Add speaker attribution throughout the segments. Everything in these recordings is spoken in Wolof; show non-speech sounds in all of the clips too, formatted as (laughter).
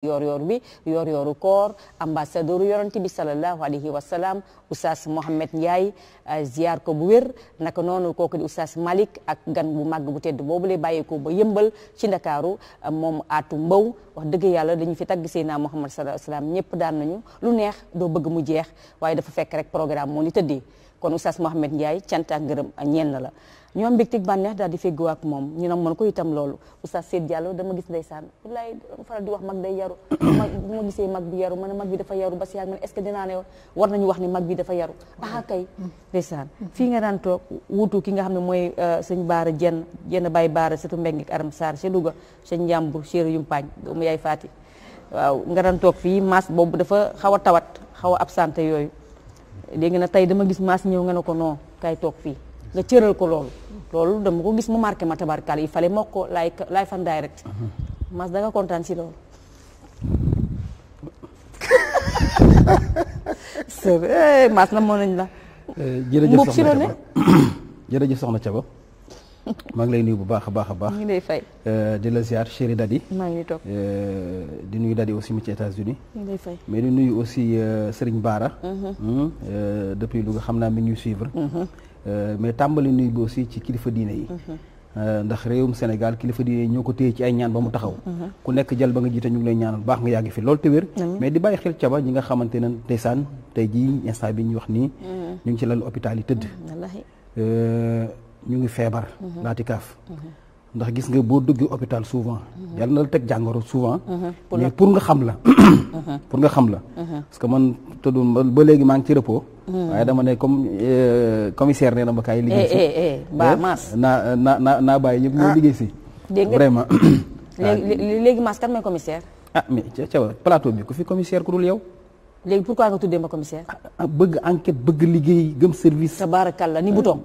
Speaker 1: yoor yoor bi yor yooru koor ambassadeur yonent bi salallahu alayhi wa salaam oustaz Mohamed Ndiaye eh, ziar ko bu wér naka noonu kooku di oustaz Malick ak gan bu màgg bu tedd boobule bàyyeekoo ba yëmbal ci ndakaaru eh, moom aatu mbaw wax dëgg yàlla dañu fi tagg Seydina Mohamed salallahu alayhi wa salaam ñëpp daan nañu lu neex doo bëgg mu jeex waaye dafa fekk rek programme moo ni tëddee kon Oustaz Mouhamed Ndiaye cant ak ngërëm ñenn la ñoo am mbégte bànneex daal di feggoo ak moom ñu ne mën ko itam loolu Oustaz Seyd Diallo dama gis ndeysaan wallaay faral di wax mag day yaru mag bu ma gisee mag yaru ma ne mag bi dafa yaru ba si yàgg ma ne est-ce que dinaa ne nañu wax ne mag bi dafa yaru ah kay fii nga daan toog wuutu ki nga xam ne mooy euh, sëñ Baara jenn jenn Baye Baara surtout Mbeng ak Aram Sarr ca Louga ca Njàmbur Cheikh Yumpaañ doomu yaay Faati waaw nga daan toog fii mas boobu dafa xaw a tawat xaw a absenté yooyu léegi na tey dama gis maas ñëw nga ne ko non kay toog fii nga cëral ko loolu loolu dama ko gis mu marqué ma tabarkaal il fallait moo ko laay laay fan direct mhm. maas da kontaan si loolu (laughs) maas na moo nañ la
Speaker 2: euh, (coughs) jërëjëf soxna Thiaba jërëjëf soxna Thiaba maa ngi lay nuyu bu baax a baax a baax. ñu ngi lay fay. Euh, di la ziar chéri Dadi. maa ngi lay toog euh, di nuyu Dadi aussi mu ci États-Unis ñu ngi lay fay mais di nuyu aussi euh, Serigne Bara. Mhm. Hmm? depuis lu nga xam naa mi ngi ñuy suivre. Mhm. mais tàmbali nuyu bi aussi ci kilifa diine yi. Mhm. ndax réewum Sénégal kilifa di ñoo ko téye ci ay ñaan ba mu taxaw ku nekk jël ba nga jiite ñu ngi lay ñaanal baax nga yàgg fi loolu te mais di bàyyi xel caba ñi nga xamante ne ndeysaan tey jii instant bi ñu wax nii ñu ngi ci lalu hôpital ñu ngi feebar naati mhm. kaaf mhm. ndax gis nga boo duggee hôpital souvent mhm. yàlla na la teg jàngoro souvent mais pour nga xam la (coughs) pour nga xam la parce que man tëddum ba léegi maa ngi ci repos waaye dama ne comme euh, commissaire nee na ma kaay liggéey eh, si eh, eh, ba maas naa naa naa naa bàyyi ñëpp ñoo ah. liggéey si vraiment
Speaker 1: (coughs) léegi (coughs) léegi maas kan mooy commissaire
Speaker 2: ah mais ca ca plateau bi ku fi commissaire ku dul yow
Speaker 1: léegi pourquoi nga tuddee ma commissaire. Ah,
Speaker 2: ah, bëgg enquête bëgg liggéey gëm service. tabaarakalla ni bu toog.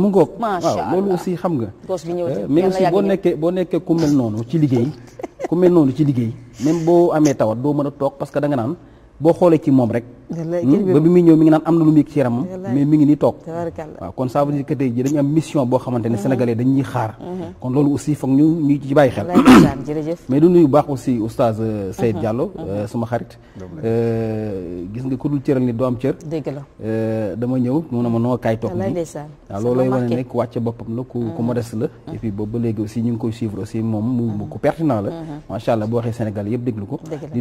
Speaker 2: mu ngoog waaw loolu aussi xam nga. poche bi ñëwati eh, mais aussi boo nekkee boo nekkee ku mel noonu ci liggéey ku mel noonu ci liggéey même boo amee tawat doo mën a toog parce que danga naan boo xoolee ci moom rek.
Speaker 3: Hmm? ba bi
Speaker 2: muy ñëw mi ngi naan am na lu mu yëg ci yaramam mais mi ngi nii toog waaw kon ça veut yi que tey ji dañu am mission boo xamante ne uh-huh. sénégalais dañuy xaar uh-huh. kon loolu aussi foog ñu ñu ci bàyyi xel
Speaker 1: (coughs) mais
Speaker 2: du nuyu baax aussi oustaz euh, uh-huh. Seyd Diallo euh, suma xarit euh, gis nga ku dul cëral ni doo am cër la dama ñëw mu ne ma noo kaay toog nii waaw loolu lay wane nekk wàcce boppam la ku ku modeste la et puis boobu ba léegi aussi ñu ngi koy suivre aussi moom mu ku pertinent la macha allah boo waxee sénégalais yëpp déglu ko di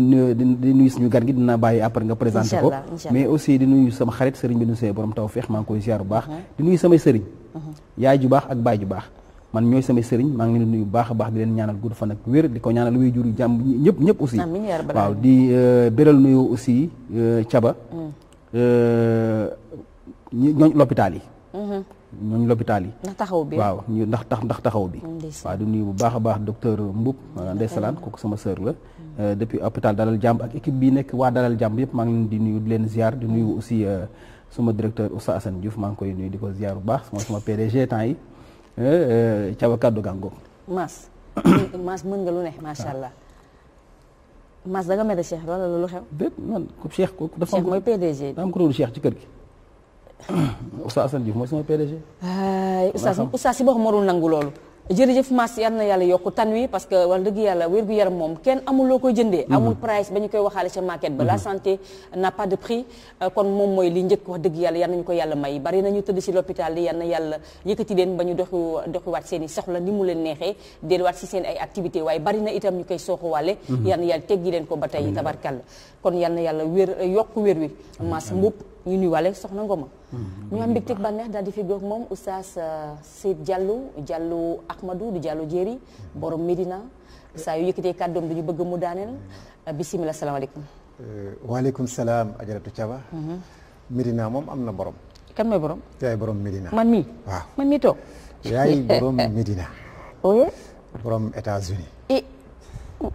Speaker 2: nuyu suñu gan gi mais aussi di nuyu sama xarit sëriñ bi nu see borom taw feex maa ngi koy ziar bu baax di nuyu samay sëriñ uh-huh. yaay ju baax ak baay ju baax man ñooy samay sëriñ maa ngi nuy bu baax a baax di leen ñaanal gudd fan ak wér di ko ñaanal wéy juru jàmm ñëpp ñëpp aussi waaw di euh, béral nuyu aussi caba euh, mm. euh, ñooñ l'hôpital yi mm-hmm. ñooñu l'hôpital yi ndax taxaw bi waaw ndax tax ndax taxaw bi waaw di nuyu bu baax a baax docteur Mboup ndeysaan kooku sama sœur la Euh, depuis hôpital Dalal Jàmm ak équipe bi nekk waa Dalal Jàmm yëpp maa ngi leen di nuyu di leen ziar di nuyu aussi euh, suma directeur Oustaz Assane Diouf maa ngi koy di ko ziar bu baax mooy suma PDG temps yi euh, Thiaba Kaddu Gango.
Speaker 1: Mass (coughs) Mass mën nga lu ne macha
Speaker 2: ah. ci kër gi. (coughs) Oustaz Assane Diouf mooy suma
Speaker 1: si boppam moo doon nangu jërëjëf Mass yan na yàlla yokk tan wi parce que wala dëgg yàlla wér gu yaram moom kenn amul loo koy jëndee mhm. amul price ba ñu koy waxaale ca market ba la mhm. santé n'a pas de prix euh, kon moom mooy li njëkk wax dëgg yàlla yal nañu ko yàlla may bari nañu tëdd si l'hôpital yi yal na yàlla yëkkati leen ba ñu doxi doxiwaat seen i soxla ni mu leen neexee delluwaat si seen ay activité waaye bari na itam ñu koy sooxuwaale mhm. yal na yàlla teggi leen ko ba tey la kon yal na yàlla wér yokk wér wi Mass Mboup ñu nuyuwaale soxna Ngoma. Mm-hmm. ñu am mbégte bànneex daal di fi goog moom oustaz euh, Seyd Diallo Diallo Ahmadou di Diallo Jéeri mm-hmm. borom Medina saa yu yëkkatee kàddoom du ñu bëgg mu daaneel mm-hmm. euh,
Speaker 4: bisimilah salaamaaleykum. Euh, waaleykum salaam ajaratu Thiaba. Medina moom am na borom. kan mooy borom. yaay (laughs) borom Medina. man mii waaw yaay borom Medina.
Speaker 1: ooyee. Oh.
Speaker 4: borom États-Unis.
Speaker 1: eh.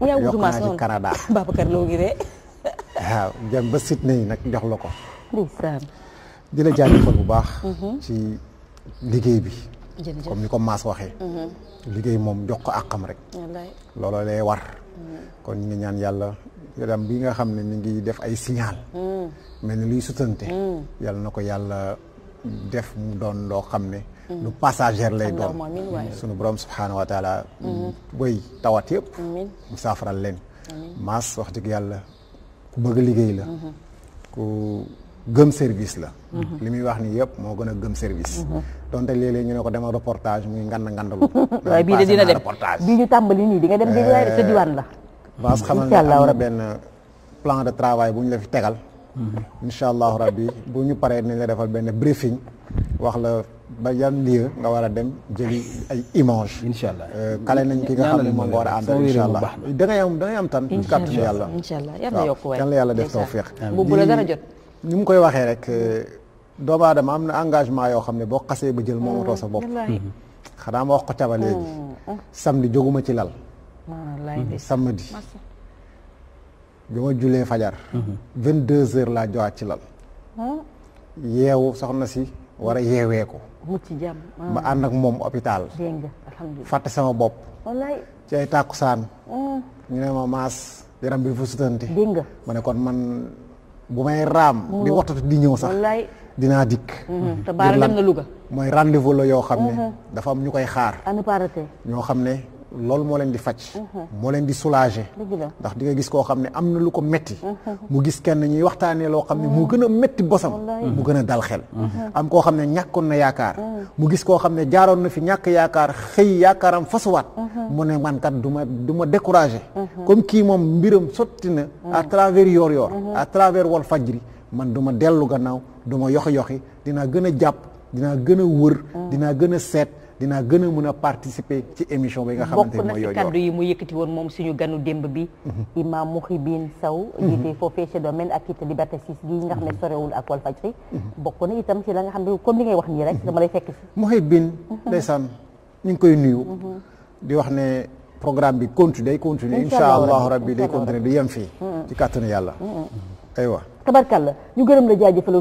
Speaker 1: yaa ngi Canada (laughs) Babacar Lo gi de.
Speaker 4: waaw ba Sydney nag jox la ko. ndeysaan di la bu baax mhm. ci liggéey bi
Speaker 1: comme ni ko maas waxee mhm.
Speaker 4: liggéey moom jox ko àqam rek looloo lay war mhm. kon ñu ngi ñaan yàlla yaram bi nga xam ne ni ngi def ay signal mel ni luy sutante yàlla na ko yàlla def mu doon loo xam ne lu passager lay doon sunu borom subhaanahu wa way tawat yëpp mu saafaral leen maas wax dëgg yàlla ku bëgg liggéey la ku gëm service la mhm. li muy wax ni yëpp moo gën a gëm service mhm. donte léeg-léeg ñu ne ko dema reportage muy ngand ngandalu (laughs) waaye de dina dem
Speaker 1: bii ñu tàmbali nii di nga dem di sa eh, diwaan la
Speaker 4: Vass xamal ne am na benn plan de travail bu ñu la fi tegal mhm. incha allahu rabbi bu ñu paree nañ la defal benn briefing wax la ba yan lieu nga war a dem jëli ay image incha allah eh, kale nañ ki nga xam ne moom nga war a àndal incha allah am da am tan yàlla yàlla yàlla def tawfiq ni koy waxee rek euh, doomu aadama am na engagement yoo xam ne boo xasee ba jël moomatoo mm, sa bopp. Mm-hmm. xanaa ma wax ko caba léegi. Mm, mm. samedi jóguma ci lal.
Speaker 3: Mm-hmm. samedi.
Speaker 4: bi ma julee fajar. Mm-hmm. vingt deux laa jowaat ci lal. yeewu soxna si war a yeewee ko. ma ànd ak moom hôpital. fàtte sama bopp. ci ay tàkkusaan. ñu ne ma maas yaram bi fu sutante. ma ne kon man. bu may raam di waxtatu di ñëw sax dinaa dikk mhm. te Louga mooy rendez-vous la yoo xam ne mhm. dafa am ñu koy xaar à ñoo xam ne loolu moo leen di faj. Mhm. moo leen di soulager. ndax di nga gis koo xam ne am na lu ko metti mhm. mu gis kenn ñuy waxtaanee loo xam ne mu mhm. gën a metti bosam. mu gën a dal xel. am koo xam ne ñàkkoon na yaakaar. mu gis koo xam ne jaaroon na fi ñàkk yaakaar xëy yaakaaram fasuwaat. mu ne man kat du ma du ma découragé. comme kii moom mbiram sotti na. à travers Yoor-Yoor. à travers Walfadjri man duma dellu gannaaw du ma yoxi yoxi dinaa gën a jàpp dinaa gën a wër. dinaa gën a seet. dina gën a mën a participer ci émission bi nga xamante ni mooy yooyu bokk na ci kaddu yi
Speaker 1: mu yëkkati woon moom suñu ganu démb bi mhm. imam Mouhibine Sow mhm. jiite foofee ci domaine ak it liberté 6 gi nga xam ne mhm. sorewul ak Walfadjri bokk na itam ci la nga xam ne comme li ngay wax nii rek dama lay fekk si
Speaker 4: Mouhibine ndeysaan ñu ngi koy nuyu di wax ne programme bi continue day continuer insha allahu rabbi day continuer du yem fii ci kàttanu yàlla aywa
Speaker 1: tabarkalla ñu gërëm la jaajëfal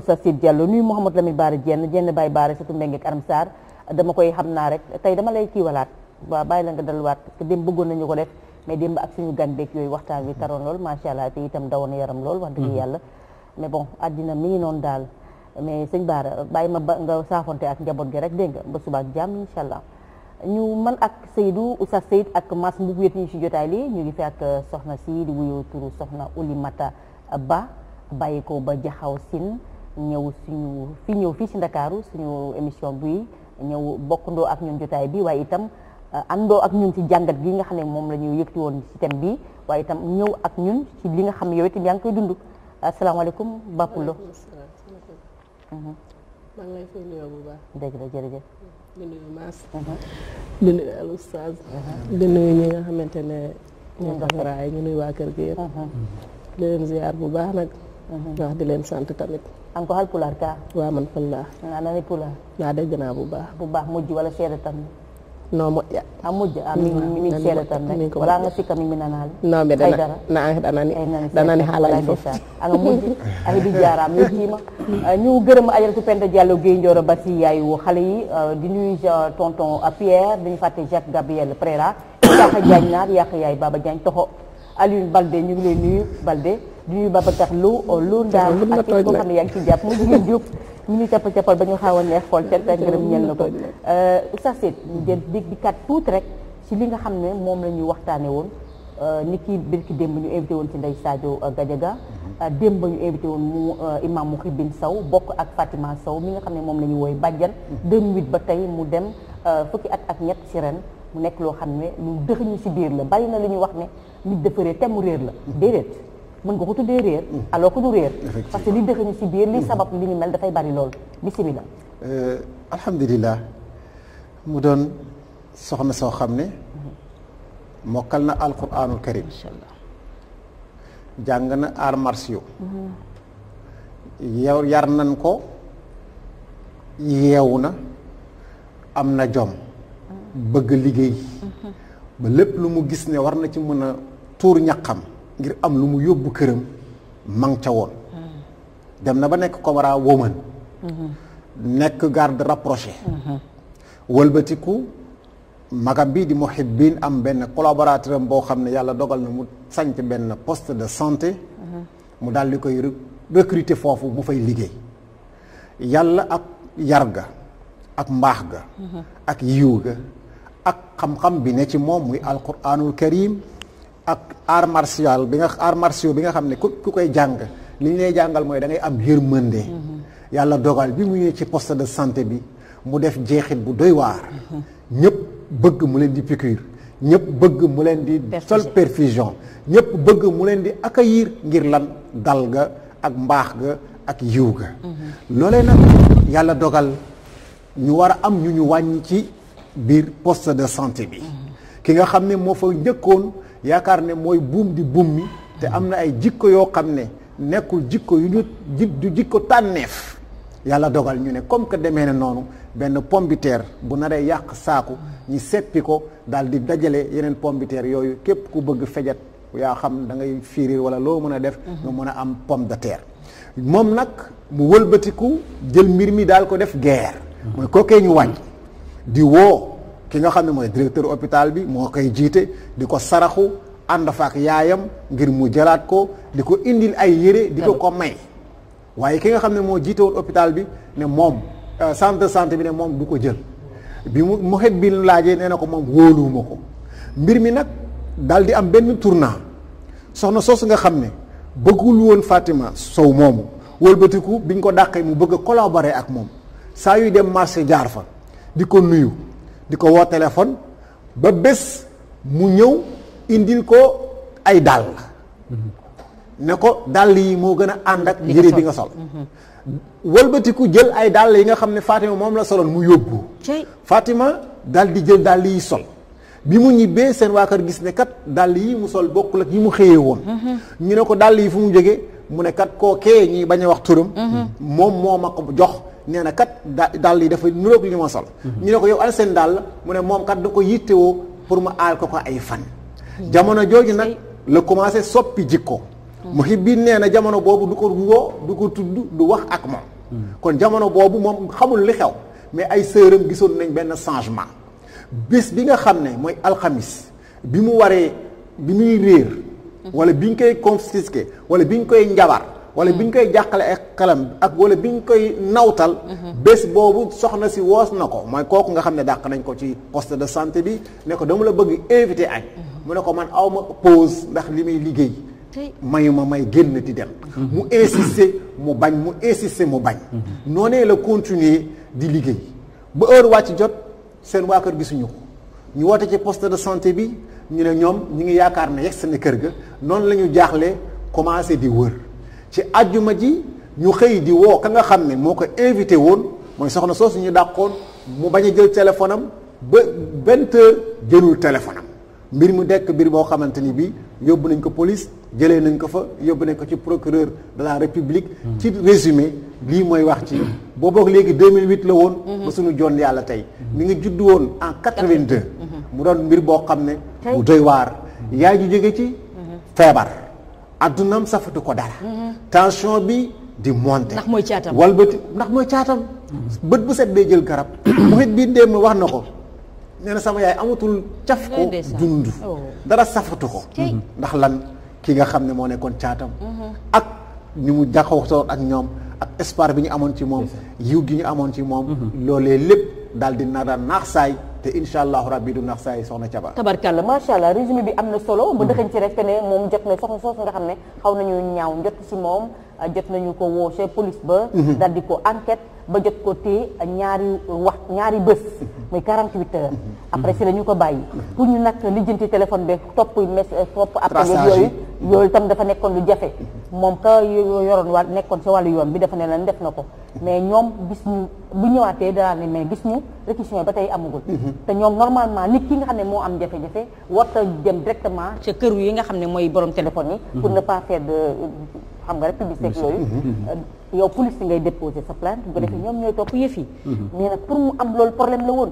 Speaker 1: Oustaz dama koy xam naa rek tey dama lay kiiwalaat waa bàyyi la nga delluwaat parce que démb bëggoon nañu ko def mais démb ak suñu gan beeg yooyu waxtaan wi taroon lool macha allah te itam dawoon yaram lool wax dëgg mhm. yàlla mais bon àddina mi ngi noonu daal mais sëñ Baara bàyyi ma ba nga saafonte ak njaboot gi rek dégg nga ba suba allah ñu man ak Seydou Oustaz Seyd ak Mass Mbuub wéet ñu ci jotaay li ñu ngi fi ak euh, soxna si di wuyoo turu soxna Oulimata Ba bàyyi ko ba jaxaw sin ñëw suñu fi ñëw fii si Ndakaaru suñu émission bi ñëw bokkandoo ak ñun jotaay bi waaye itam euh, àndoo ak ñun ci jàngat gi nga xam ne moom la ñu yëkkati woon ci thème bi waaye itam ñëw ak ñun ci li nga xam ne yow itam yaa ngi koy dund asalaamaaleykum Bapulo. Mhm.
Speaker 5: maa ngi lay fay nuyoo bu baax.
Speaker 1: dëgg la jërëjëf.
Speaker 5: di nuyu Mass. Mhm. di nuyu al oustaz. Mhm. di nuyu ñi nga xamante ne. ñu ngi ñu nuyu waa kër gi yëpp. di leen ziar bu baax nag. ndax di leen sant tamit. an ko hal pulaar ka waaw man pulaar a nani naa dégg naa bu baax bu baax mujj wala seede tan non moƴƴa a
Speaker 1: moƴƴa am min seeɗa tan rek wala anga sikka min minanaale non mbiɗa
Speaker 5: na an ɗanani ɗanani haalani fof
Speaker 1: anga ah, moƴƴi a heeɓi jarama ah, ñu gërëm ajaratu penda diallo gueye ndioro basi yayu haale yi ah, di nuyu tonton pierre dañu fàtte jacques gabriel préra yaka diagne naar yaka yaay baba diagne toxo aliou balde ñu ngi lay balde du ñuy Babacar Lo Lo Ndao ak képp koo xam ne yaa ngi ci jàpp mu jigéen jóg mu ngi cappa cappal ba ñu xaw a neex xool cant ak ngërëm ñel na ko euh, Oustaz Seyd ñu jël di di kat tuuti rek si li nga xam ne moom la ñuy waxtaane woon euh, nit ki birki démb ñu invité woon ci Ndeye Sadio euh, Gadiaga démb ba ñu invité woon mu imam Mouhibine saw bokk ak Fatima saw mi nga xam ne moom la ñuy wooy bàjjan 2008 mm-hmm. ba tey mu dem fukki at ak ñett ci ren mu nekk loo xam ne lu dëxëñu ci biir la bari na lu ñu wax ne nit dafa te mu réer la mm-hmm. déedéet mën nga ko tuddee réer mm. alors ko du réer parce que li dëxañu si biir li sabab li ni mel dafay bari lool
Speaker 4: bisimila euh, alhamdulilah mu doon soxna soo xam ne mm-hmm. mokkal na alquranul karim jàng na arts martiaux mm-hmm. yow yar nan ko yeewu na am na jom mm-hmm. bëgg liggéey ba lépp lu mu gis ne war na ci mën a tuur ñaqam ngir am lu mu yóbbu këram mang ca woon dem na ba nekk Comora woman nekk garde rapproché wëlbatiku magam bi di Muhibbin am benn collaborateur am boo xam ne yàlla dogal na mu sanc benn poste de santé mu daal di koy recruter foofu mu fay liggéey yàlla ak yar ga ak mbaax ga ak yiw ga ak xam-xam bi ne ci moom muy alquranul karim ak art martial bi nga art martial bi nga xam ne ku ku koy jàng li ñu lay jàngal mooy da ngay am yërmande. Mm-hmm. yàlla dogal bi mu ñëwee ci poste de santé bi mu def jeexit bu doy waar. Mm-hmm. ñëpp bëgg mu leen di piqûre ñëpp bëgg mu leen di. sol perfusion ñëpp bëgg mu leen di accueillir ngir lan dal ga ak mbaax ga ak yiw ga. Mm-hmm. loolee nag yàlla dogal ñu war a am ñu ñu wàññi ci biir poste de santé bi. ki nga xam ne moo fa njëkkoon. yaakaar ne mooy buum di buum mi te am na ay jikko yoo xam ne nekkul jikko yu ñu du jikko tànneef yàlla dogal ñu ne comme que demee na noonu benn pombiteer bu naree yàq saaku ñi seppi ko daal di dajale yeneen pombiteer yooyu képp ku bëgg fejat yaa xam da ngay firir wala loo mën a def mhm. nga mën a am pomme de terre moom nag mu wëlbatiku jël mbir mi daal ko def guerre mhm. mooy kookee ñu wàññi di woo ki nga xam ne mooy directeur hôpital bi moo koy jiite di ko saraxu ànd ak yaayam ngir mu jëlaat ko di ko indil ay yére di ko ko may waaye ki nga xam ne moo jiite woon hôpital bi ne moom euh, centre de bi ne moom du ko jël bi mu mu xet bi laajee nee na ko moom wóoluwuma ko mbir mi nag daal di am benn tournant soxna soosu nga xam ne bëggul woon Fatima Sow moomu wëlbatiku biñ ko dàqee mu bëgg a ak moom saa yuy dem marché jaar fa di ko nuyu di ko woo téléphone ba bés mu ñëw indil ko ay dàll ne ko dàll yi moo gën a ànd ak yére bi nga sol mhm. walbatiku jël ay dàll yi nga xam ne Fatima moom la soloon mu yóbbu Fatima dal di jël dàll yi sol bi mu ñibbee seen waa kër gis ne dàll yi mu sol bokkul ak yi mu xëyee woon mhm. ñu ne ko dàll yi fu mu jógee mu ne kat kookee ñuy bañ a wax turam mhm. moom moo ma ko jox nee na kat da dàll yi dafa nuroog li ma sol mhm. ñu ne ko yow al seen dàll mu ne moom kat du ko yittewoo pour mu aal ko ko ay fan jamono jooju nag la commencé soppi jikko mhm. muhibbin nee na jamono boobu du ko woo du ko tudd du wax ak moom mhm. kon jamono boobu moom xamul li xew mais ay sëram gisoon nañ benn changement bis bi nga xam ne mooy alxamis bi mu waree bi muy réer wala bi ñu koy confisqué wala bi ñu koy njabar wala bi ñu koy jàqale ak xelam ak wala bi ñu koy nawtal bés boobu soxna si woos na ko mooy kooku nga xam ne dàq nañ ko ci poste de santé bi ne ko dama la bëgg invité añ mu ne ko man aw ma pause ndax li may liggéey mayuma may génn di dem mu insister mu bañ mu insister mu bañ noonee la continuer di liggéey ba heure wàcc jot seen waa kër gisuñu ko ñu woote ci poste de santé bi ñu ne ñoom ñu ngi yaakaar ne yegg seen kër ga noonu la ñu jaaxlee commencé di wër ci àjjuma ji ñu xëy di woo ka nga xam ne moo ko invité woon mooy soxna soo suñu dàqoon mu bañ a jël téléphone am ba vingt heures jëlul téléphone mbir mu dekk mbir boo xamante ni bii yóbbu nañ ko police jëlee nañ ko fa yóbbu nañ ko ci procureur de république. Mm. ci résumé lii mooy wax ci. Mm. boobook léegi 2008 la woon. Mm-hmm. ba suñu joon yàlla tey. Mm-hmm. mi ngi judd woon en 82. Mm-hmm. mu doon mbir boo xam ne. bu doy waar. yaay ju jóge ci feebar. addunaam safatu ko dara. tension bi di monter. ndax
Speaker 1: mooy caatam walbati
Speaker 4: ndax mooy caatam. bët bu set day jël garab. (coughs) mu it bii démb wax na ko. nee na sama yaay amatul caf ko dund. Oh. dara safatu ko. ndax lan ki nga xam ne moo nekkoon caatam.
Speaker 3: Mm-hmm. ak
Speaker 4: ñu mu jaxasoon ak ñoom ak espoir bi ñu amoon ci moom. yiw gi ñu amoon ci moom. Mm-hmm. loolee lépp daal di nar a naax saay. te incha allahu rabbi du nax saa yi soxna Thiaba
Speaker 1: tabarkàlla macha allah résumé bi am na solo ba dëxañ ci rek ne moom jot na soxna soos nga xam ne xaw nañu ñaaw njot si moom jot nañu ko woo chez police ba mhm. dal di ko enquête ba jot ko téye ñaari wax ñaari bés mhm. muy 48 heures mhm. après si la ñu ko bàyyi pour ñu nag lijjanti téléphone bi topp message eh, topp appel yooyu yooyu tam dafa nekkoon lu jafe moom ka yoroon wàll nekkoon si wàllu yoon bi dafa ne leen def na ko mais ñoom gis ñu bu ñëwaatee danaa ne mais gis ñu réquisition ba tey amagul te ñoom normalement nit ki nga xam ne moo am jafe-jafe warta dem directement ca kër yi nga xam ne mooy borom téléphone yi pour ne pas xam nga rek publicité yooyu mhm. euh, yow police ngay déposé sa plainte mhm. ñoom ñooy topp yëf yi mhm. mais nag pour mu am loolu problème la woon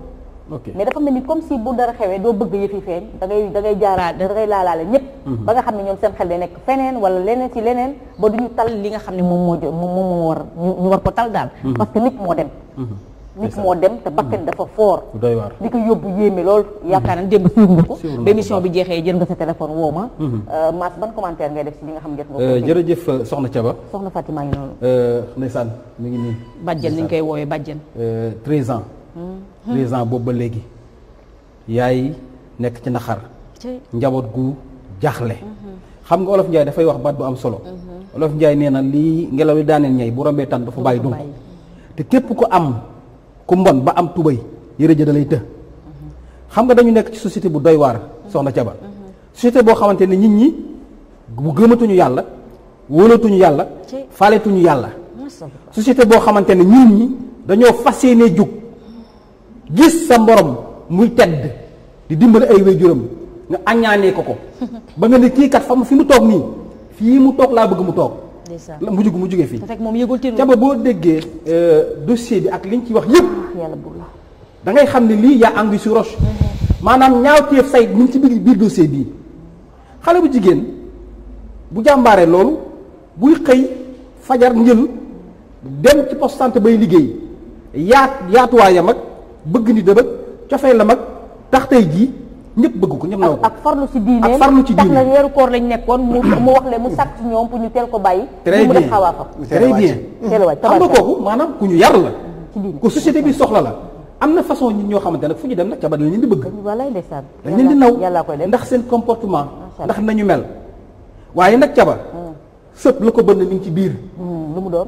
Speaker 1: mais dafa mel ni comme si bu dara xewee doo bëgg yëf yi feeñ da ngay da ngay laalaale ñëpp ba nga xam ne ñoom seen xel day nekk feneen wala leneen ci leneen ba duñu tal li nga xam ne moom moo moom moo war ñu war ko tal daal parce que nit moo dem nit moo dem te bakkan dafa mm. fort li ko yóbbu yéeme lool mm. yaakaar naa démb suivre nga ko ba émission bi jeexee jël nga sa téléphone woo ma mm-hmm. euh, Mass ban commentaire ngay def si li nga xam
Speaker 2: ñu koy woowee bàjjen euh, treize ans hmm. treize boobu ba léegi yaay nekk ci naxar njaboot gu jaaxle hmm. xam nga olof Ndiaye dafay wax baat bu am solo hmm. olof Ndiaye nee na lii ngelaw yi daaneel ñay bu rombee tànn dafa bàyyi dund te képp ko am ku mbon ba am tubay yëre ja da lay të xam nga dañu nekk ci société bu doy waar soxna Thiaba société boo xamante ne nit ñi bu gëmatuñu yàlla wóolatuñu yàlla faaletuñu yàlla société boo xamante ne nit ñi dañoo fas yéene jóg gis sa mborom muy tedd di dimbali ay waajuram nga aññaanee ko ko (laughs) ba nga ne kii kat fi mu toog nii fii mu toog laa bëgg mu toog la mu jug mu jugee fii. rek moom yëgul tiinu caba boo déggee euh, dossier bi ak liñ ci wax yëpp. yàlla bu la da xam ne lii yaa anguille su roche. Mm-hmm. maanaam ñaaw téef say ñu ci biir biir dossier bii xale bu jigéen bu jàmbaaree loolu buy xëy fajar njël dem ci poste santé bay liggéey yaat yaatuwaayam ak bëgg ni dëbëg cofee la mag tax tey jii. ñëpp bëgg ko ñëpp naw ko ak farlu ci diine ak farlu ci diine tax na
Speaker 1: weeru koor lañ nekkoon mu mu wax leen mu sàkk ci ñoom pour ñu teel ko bàyyi très bien xam
Speaker 2: nga kooku maanaam ku ñu yar la ku société bi soxla la am na façon ñun ñoo xamante nag fu ñu dem nag cabar dañ leen di bëgg dañ leen di naw ndax seen comportement ndax nañu mel waaye nag cabar hmm. sëpp la ko bënn mi ngi ci biir hmm, lu mu doon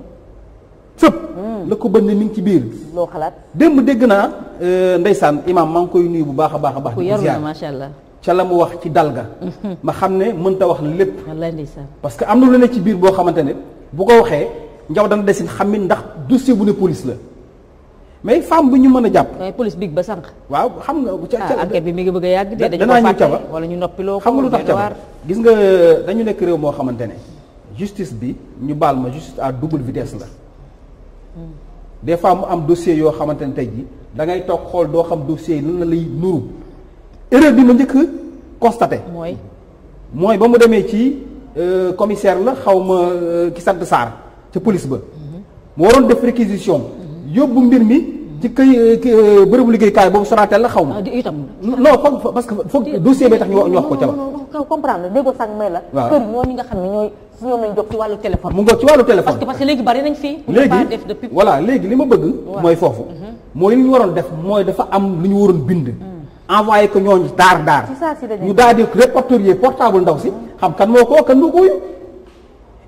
Speaker 2: fépp hmm. la ko bënn mi ngi ci biir loo xalaat démb dégg naa euh, ndeysaan imaam maa ngi koy nuyu bu baax a baax a baax ku yaru na macha allah ca la mu wax ci dal ga hmm. ma xam ne mënta wax lépp parce que am na lu ne ci biir boo xamante ne bu ko waxee njaw dana desin xam ne ndax dossier bu ne police la mais femme bu ñu mën a jàpp. waaye police big ba sànq. waaw xam nga ca ca ah, enquête bi mi ngi bëgg a yàgg. danaa dañu wala ñu noppiloo xam nga lu tax caba gis nga dañu nekk réew moo xamante ne justice bi ñu baal ma justice à double vitesse la. des fois mu am dossier yoo xamante ne tey dangay toog xool doo xam dossier yi nan la lay nuru erreur bi ma njëkk constaté. mooy mooy ba mu demee ci euh, commissaire la xaw ma euh, ki sant Sarr ca police ba. Mm-hmm. mu waroon def réquisition. Mm-hmm. yóbbu mbir mi. ci këy euh, bërëbu liggéeykaay boobu Sonatel la xaw ma. Ah, itam non foog parce que foog dossier bi tax ñu wax ko ca
Speaker 1: ba. comprendre déggoo sànq waaw kër ñoo ñi nga xam ne ñooy. si ñoom lañ jóg ci wàllu téléphone. mu ngoog
Speaker 2: ci wàllu téléphone parce que
Speaker 1: parce que léegi bari nañ fii. léegi def
Speaker 2: léegi li ma bëgg. mooy foofu. Mhm. mooy li ñu waroon def mooy dafa am lu ñu waroon bind. Mm. envoyé ko ñooñu daar daar. ñu daal di répertorier portable ndaw si xam kan moo ko kan moo ko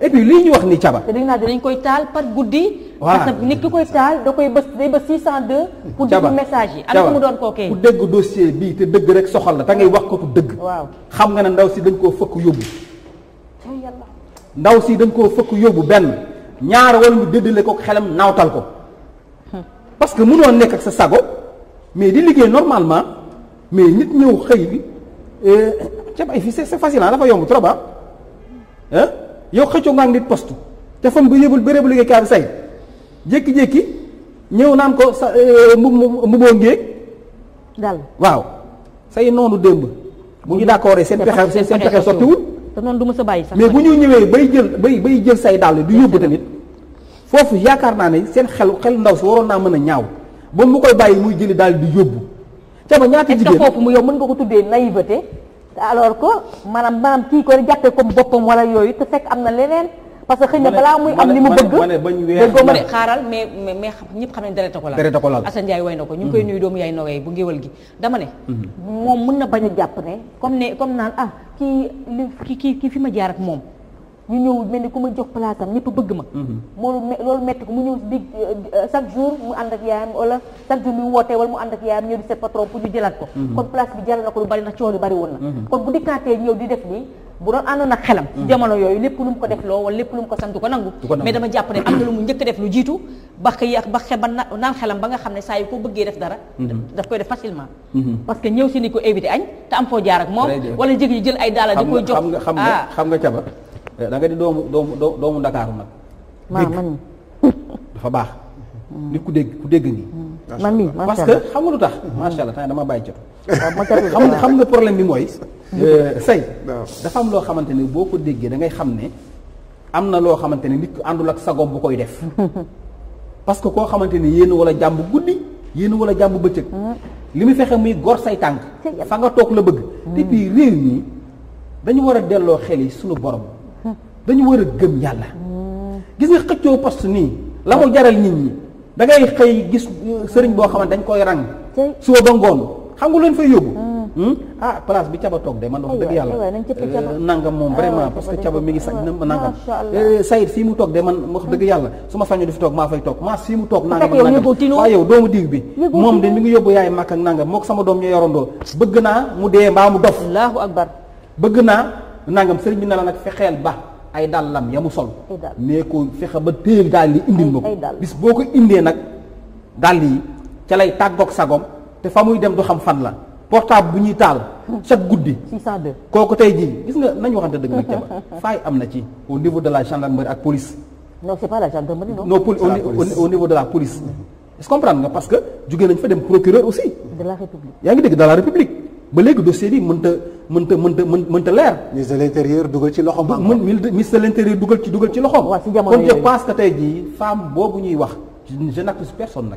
Speaker 2: et lii ñu wax ni caba.
Speaker 1: te dañu dañ koy taal par guddi. voilà parce que nit ki koy taal da koy bës day bës 602. pour déglu message yi am mu doon kookee. ku
Speaker 2: dégg dossier bii te dëgg rek soxal la te ngay wax ko ku dëgg. waaw xam nga ne ndaw si dañ koo fëkk yóbbu. ndaw si dañ koo fëkk yóbbu benn ñaar wala mu déddale ko xelam nawtal ko parce que mënoo nekk ak sa sago mais di liggéey normalement mais nit ñëw xëy bi eh, ceeb ay fii sa facile ah, dafa yomb trop ah yow xëccoo nga ak nit poste te ba bi yëbul bérébu liggéeykaay bi say jékki-jékki ñëw naan ko sa eh, mu mbuboo ngéeg dal waaw say noonu démb bu ñu a seen pexe seen pexe sottiwul
Speaker 1: te noonu du ma sa bàyyi sax. mais bu ñu
Speaker 2: ñëwee bay jël bay bay jël say dàll du yóbbu tamit foofu yaakaar naa ne seen xel xel ndaw si waroon naa mën a ñaaw ba mu koy bàyyi muy jëli dal di yóbbu. ca ba ñaata jigéen foofu mu yow mën nga ko tuddee
Speaker 1: naïveté alors que maanaam maanaam kii ko jàppee comme boppam wala yooyu te fekk am na leneen. parce que xëy na balaa muy am li mu
Speaker 2: bëgg ma ne
Speaker 1: xaaral mais mais ñëpp xam ne dereta ko laal dereta ko laal Assane Ndiaye way na ko ñu ngi koy mhm. nuyu doomu yaay nowee bu ngéwal gi dama ne mhm. moom mën na bañ jàpp ne comme ne comme naan ah kii li kii kii fi ma jaar ak moom ñu ñëw mel ni ku ma jox place am ñëpp bëgg ma. loolu mhm. me loolu métti ko mu ñëw di chaque jour mu ànd ak yaayam wala chaque jour mu wootee wala mu ànd ak yaayam ñëw di seet patron pour ñu jëlaat ko. Mhm. kon place bi jaral na ko lu bari na coono yu bari woon na. Mhm. kon bu dikkaatee ñëw di def nii. bu doon àndoon ak xelam mm. jamono yooyu lépp lu mu ko def loo wala lépp lu mu ko sant du ko nangu mais dama jàpp ne am na lu mu njëkk def lu jiitu ba xëy ak ba xe ba naan xelam ba nga xam ne saa yu ko bëggee def dara mm-hmm. daf koy def facilement mm-hmm. parce que ñëw si ni ko éviter añ te am foo jaar wala jëgi jël ay daala di koy jox xam nga
Speaker 2: xam nga caba ah. eh, da nga di doomu doomu doomu ndakaaru nag dégg dafa baax mm-hmm. nit ku dégg ku dégg nii man mi parce que xam nga lu tax macha allah dama bàyyi catu xam xam nga problème bi mooy. say (laughs) euh, dafa am loo xamante ne boo ko déggee da ngay xam ne am na loo xamante ne nit ku àndul ak sagom bu koy def. (laughs) parce que koo xamante ne yéen wala jàmb guddi yéen wala jàmb bëccëg. Mm. li mu fexe muy gor say tànk. fa nga toog la bëgg. te mm. puis réew mi dañu war a delloo xel yi suñu borom. Mm. dañu war a gëm yàlla. gis nga xëccoo poste nii. la mu jaral nit ñi da ngay xëy gis euh, sëriñ boo xamante dañ koy rang. suba ba ngoon. xam nga leen fay yóbbu. Mm. Hmm? ah place bi caba toog de man wax dëgg yàlla eh, nangam moom vraiment parce que caba mi ngi sañ nangam eh, sayit fii mu toog de man wax dëgg mm. yàlla su ma sañu di toog maa fay toog maa fii mu toog nangam nangam waaye yow doomu diig bi moom de mi ngi yóbbu yaay màkk ak nangam moo bëgg naa mu dee mbaa mu dof allahu akbar bëgg naa nangam sëriñ bi na la nag fexeel ba ay dàllam ya mu sol nee ko fexe ba téel daal yi indil ma ko bis boo ko indee nag dàll yi ca lay tàggook sagom te fa muy dem du xam fan la portable bu ñuy taal chaque guddi 602 kooku tey jii gis nga nañu waxante dëgg nag jaba faay am na ci au niveau de la gendarmerie ak police
Speaker 1: non c'est pas la gendarmerie au
Speaker 2: niveau de la police est-ce que comprendre nga parce que jóge nañ fa dem procureur aussi yaa ngi dégg dans la république ba léegi dossier bi mënta mënta mënta mënta leer ministre de l'intérieur dugal ci loxoom ministre de l'intérieur dugal ci dugal ci loxoom kon je pense que tey jii femme boobu ñuy wax je n'accuse personne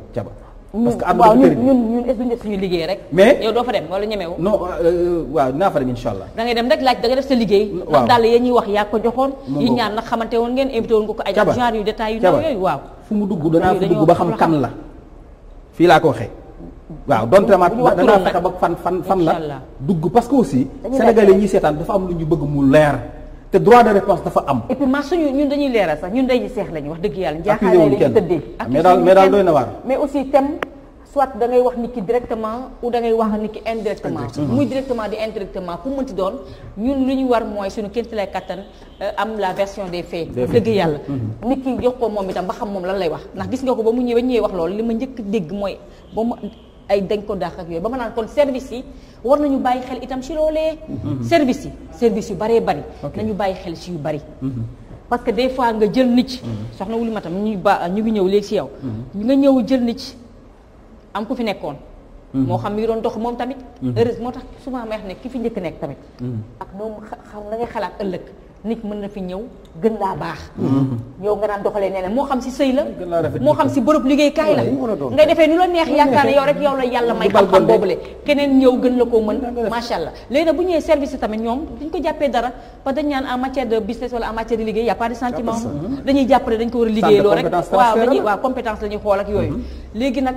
Speaker 2: parce que am na ñun ñun
Speaker 1: ñun est-ce que suñu liggéey rek. mais
Speaker 2: yow doo fa dem wala ñemewu. non euh, euh, waaw dinaa fa dem incha allah.
Speaker 1: da ngay dem rek laaj da def sa liggéey. waaw daal ya ñuy wax yaa ko joxoon. yi ñaar ko ay. genre yu détails yu ndaw
Speaker 2: fu mu dugg danaa fa dugg ba xam kan la fii laa ko waxee. waaw donte ma danaa fexe ba fan fan fan la dugg parce que aussi sénégalais ñi seetaan dafa am lu ñu bëgg mu leer te droit de réponse dafa am. et puis man suñu
Speaker 1: ñun dañuy leeral sax ñun dañuy seex lañu wax dëgg yàlla. jaaxaale lañu
Speaker 2: tëddee
Speaker 1: mais aussi thème soit da ngay wax nit ki directement ou da ngay wax nit ki indirectement. muy directement di indirectement ku mënti doon ñun lu ñu war mooy suñu kéemti lay kattan euh, am la version de faits. dëgg yàlla. Mm-hmm. nit ki moom itam ba xam moom lan lay wax ndax gis nga ko ba mu ñëwee ñëwee wax loolu li ma njëkk dégg mooy ay dañ ko dàq ak yooyu ba ma naan kon service yi war na ñu bàyyi xel itam ci loolee. Mhm. service yi service yu baree bari. ñu bàyyi xel ci yu bari. Mhm. parce que des fois nga jël nit ci. Mhm. soxna wuli matam ñu ba ñu ngi ñëw léegi ci yow. nga ñëw jël nit ci am ku fi nekkoon. moo xam mi ngi doon dox moom tamit. heureuse moo tax souvent may wax ne ki fi njëkk nekk tamit. ak moom xam na ngay xalaat ëllëg. nit mën na fi ñëw gën laa baax mm-hmm. yow nga naan doxalee nee moo xam si sëy la moo xam si bërëb liggéeykaay la ngay defee nu la neex yaakaar ne yow rek yow la yàlla may xam-xam boobule keneen ñëw gën la koo mën macha allah léegi bu ñëwee service tamit ñoom dañ ko jàppee dara parce que dañ ñaan en matière de business wala en matière de liggéey y a pas de sentiment dañuy jàppale dañ ko war a loo rek waaw dañuy waaw compétence la ñuy xool ak yooyu mm-hmm. léegi nag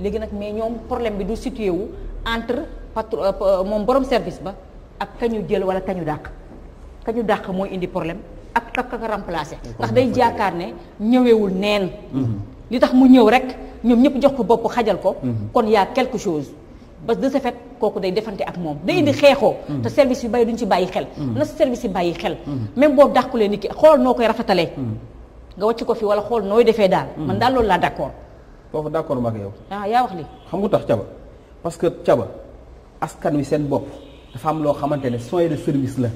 Speaker 1: léegi nag mais ñoom problème bi du situé wu entre patron euh, moom borom service ba ak kañu jël wala kañu dàq ka ñu dàq mooy indi problème ak ka ka remplacer ndax day jaakaar ne ñëwewul neen mm-hmm. li tax mu ñëw rek ñoom ñëpp jox ko bopp xajal ko mm-hmm. kon yaa quelque chose parce que de fet kooku day defante ak moom day indi mm-hmm. xeexoo te service yu bàyyi duñ ci bàyyi xel na service yi bàyyi xel même boo dàqulee nit ki xool noo koy rafetalee nga wàcc ko fi wala xool nooy defee daal man daal loolu laa d'accord
Speaker 2: foofu d'accord ma ak yow ah yaa wax li xam nga tax caba parce que caba askan wi seen bopp dafa am loo xamante ne soin de service la